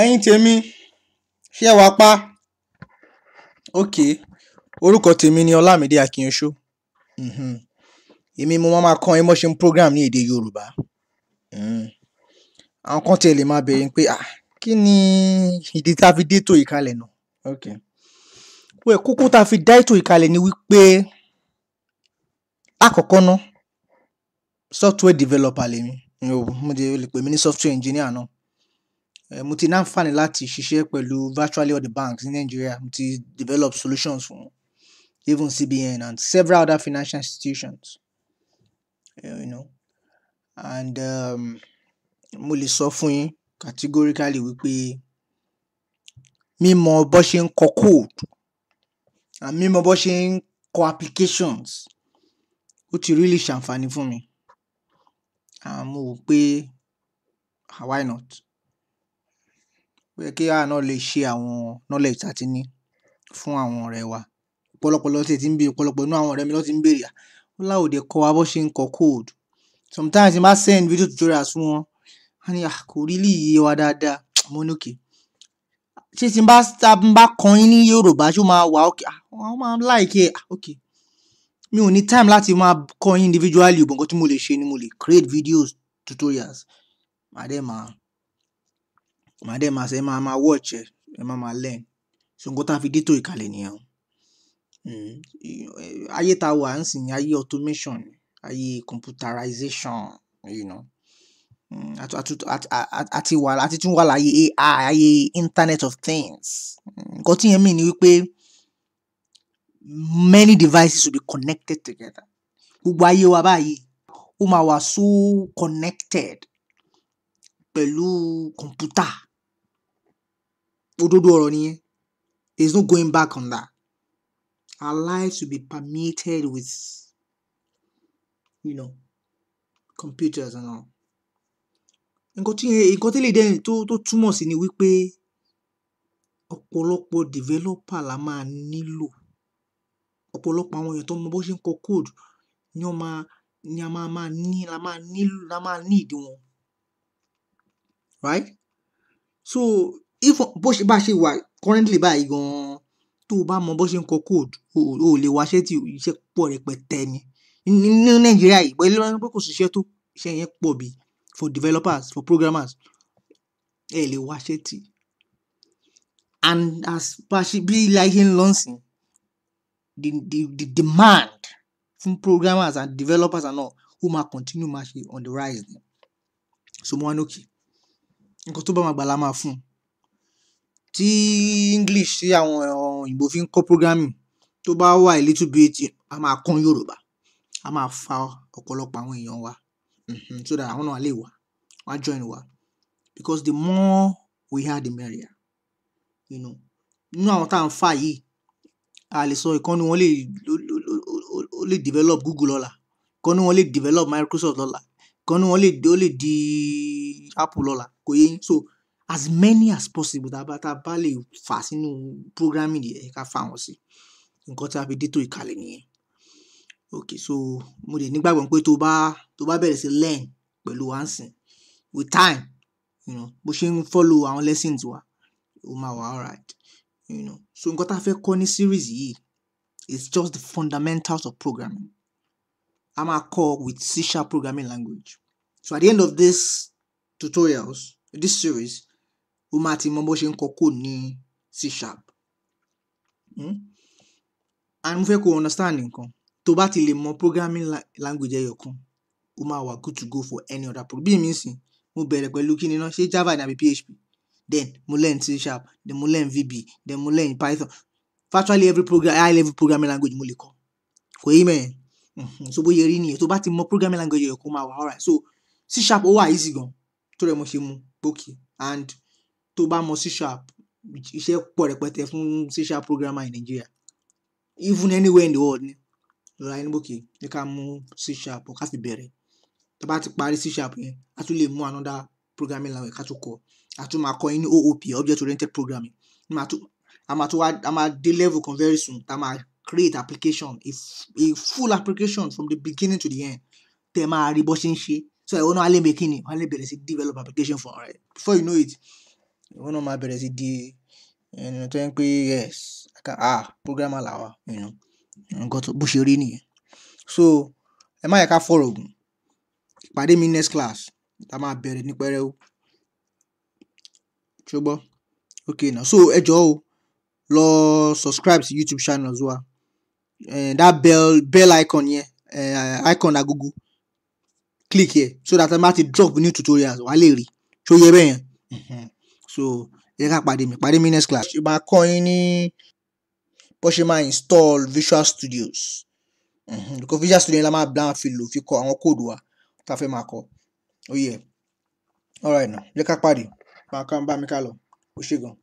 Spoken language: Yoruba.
ẹ̀yin tèmi ṣé wàá pa ok orúkọ tèmi ni ọlámídé akínyẹsọ mhm. èmi mo máa máa kọ́ ẹ mọ́ṣẹ́ program ní èdè yorùbá mhm. àwọn kan tiẹ̀ lè máa bẹ̀rẹ̀ pé ah kí ni ìdí tá a fi dé ètò ìkàlẹ̀ nù ok wẹ̀ kókó tá a fi dá ètò ìkàlẹ̀ ni wípé àkọ́kọ́ ná software developer lèmi mo lè pè mí ní software engineer náà Eh, mo ti ní àǹfààní láti ṣiṣẹ́ pẹ̀lú virtually all the banks in Nigeria mo ti develop solutions fún wọn even CBN and several other financial institutions eh, you know and um, mo lè sọ fún yín categorically wípé mímọ̀ bó ṣe ń kọ code and mímọ̀ bó ṣe ń kọ applications ó ti really ṣàǹfààní fún mi àmọ́ ah, wò pé ah, why not ó yẹ kí àwa náà lè ṣe àwọn knowledge tá a ti ní fún àwọn ọ̀rẹ́ wa ọ̀pọ̀lọpọ̀ ló tiẹ̀ ń béèrè ọ̀pọ̀lọpọ̀ nínú àwọn ọ̀rẹ́ mi ló ti ń béèrè à ó láwọn dẹ̀ kọ́ wa ṣe ń kọ code sometimes tí n send video tutorials fún wọn wọ́n ní à kò really yé wa dáadáa mo ní okay ṣé tí n bá tá n bá kọ́ yín ní Yorùbá ṣé ó máa wà okay àwọn máa like ẹ̀ okay mi ò ní time láti máa kọ́ yín individually but nǹkan tí mo lè ṣe ni mo lè create videos tutorials màá màá dẹ̀ máa ṣe, ẹ máa máa watch ẹ̀, ẹ máa máa learn. So nǹkan táa fi dé ètò ìkàlẹ̀ nìyẹn o. Hmm, ayé ta wà nísìnyí ayé automation, ayé computerization, you know. Hmm, a ti wà, a ti tún wà láyé AI, ayé Internet of Things. Hmm. Ǹkan tí ìyẹn mean ni wípé many devices will be connected together. Gbogbo ayé wa báyìí ó máa wà so connected pẹ̀lú kọ̀m̀pútà òdodo ọ̀rọ̀ nìyẹn there is no going back on that our lives will be permeated with you know computers and all nǹkan tí nǹkan tí lè dẹ́ tó tó túmọ̀ sí ni wípé ọ̀pọ̀lọpọ̀ developer la máa nílò ọ̀pọ̀lọpọ̀ àwọn èèyàn tó mọ bó ṣe ń kọ code ni wọ́n máa ni a máa máa ní la máa nílò la máa ní ìdí right so even bó ṣe bá ṣe wà currently báyìí gan-an tó o bá mọ bó ṣe ń kọ code o ò lè wá iṣẹ́ tí iṣẹ́ pọ̀ rẹpẹtẹ ni ní Nàìjíríà yìí pẹ̀lú ẹni pé kò sí iṣẹ́ tó iṣẹ́ yẹn pọ̀ bí for developers for programmers ẹ lè wá iṣẹ́ tì and as bá ṣe bí láyé ń lọ́sìn the the the demand fún programmers and developers and all ó máa continue máa ṣe on the rise ni so mo wá ní òkè nǹkan tó bá máa gbà la máa fún un tí English tí àwọn òyìnbó fi ń kọ́ programming tó bá wà a little bit á máa kán Yorùbá a máa fa ọ̀pọ̀lọpọ̀ àwọn èèyàn wa mm-hmm. so that àwọn náà á lè wá wọ́n á join wa because the more we are the merrier you know nínú àwọn tá à ń fà yìí a lè sọ ìkànnì wọn lè ó lè develop Google lọ́la ìkànnì wọn lè develop Microsoft lọ́la ìkànnì wọn lè ó lè di Apple lọ́la kò yé so as many as possible tá a bá tá a bá lè fà sínú programming yẹn ká fà wọ́n sí nǹkan tí a fi dètò ìkàlẹ̀ nìyẹn ok so mo dẹ̀ nígbàgbọ́ pé tó bá tó bá bẹ̀rẹ̀ sí learn pẹ̀lú wa ń sìn with time you know bó ṣe ń follow àwọn lessons wa ó máa wà alright you know so nǹkan tá a fẹ́ kọ́ ní series yìí is just the fundamentals of programming a máa kọ́ with C sharp programming language so at the end of this tutorials this series ó máa ti mọ bó ṣe ń kọ code ní C sharp. Hmm? And mo fẹ́ kó understand nǹkan tó bá ti lè mọ programming language ẹyọ kan ó máa wà good to go for any other program. Bí èmi sìn mo bẹ̀rẹ̀ pẹ̀lú kí ni náà ṣé Java ni àbí PHP then mo learn C sharp then mo learn VB then mo learn Python virtually every program high level programming language mo lè kọ kò yí mẹ́rin hmm, so bó yẹ rí nìyẹn tó bá ti mọ programming language ẹyọ kan ó máa wà alright so C sharp ó wà easy gan tó rẹ̀ mo ṣe mu okay and tó bá mọ C sharp iṣẹ́ pọ̀ rẹpẹtẹ fún C sharp programmer in Nigeria even anywhere in the world ni lọ́la ẹni bókè ní ká mú C sharp ká fi bẹ̀rẹ̀ tó bá ti parí C sharp yẹn a tún lè mú another programming language ká tún kọ́ a tún máa kọ́ yín ní OOP object oriented programming a máa tún wá a máa dé level kan very soon tá a máa create application a, a full application from the beginning to the end tẹ́ máa rí bó ṣe ń ṣe so ẹ̀ wọ́n náà á lè mẹ́kìnnì wọ́n lè bẹ̀rẹ̀ sí develop application for ọ̀rẹ́ before you know it ìwọ náà máa bẹ̀rẹ̀ sí di ènìyàn tó jẹ́ pé yes ah programmer làwa you know nǹkan tó bó ṣe rí nìyẹn so ẹ má yẹ ká fọ̀rọ̀ gùn ìpàdé mi next class tá máa bẹ̀rẹ̀ ní pẹrẹu ṣùgbọ́n okay now so ẹ jọ̀ọ́ o lọ subscribe sí YouTube channel wa uh, that bell bell icon yẹn uh, icon agogo click here so that I má ti drop new tutorials wàá lè rí ṣó yẹ bẹ́ẹ̀ yẹn so ẹ jẹ́ ká pàdé mi pàdé mi next class ṣe máa kọ́ yín ní bó ṣe máa install Visual Studios mhm, because Visual Studio la máa blan fi lò fi kọ àwọn kóòdù wa tá a fẹ́ máa kọ ó yẹ alright now ẹ jẹ́ ká pàdé máa ká bá mi ká lọ ó ṣe gan.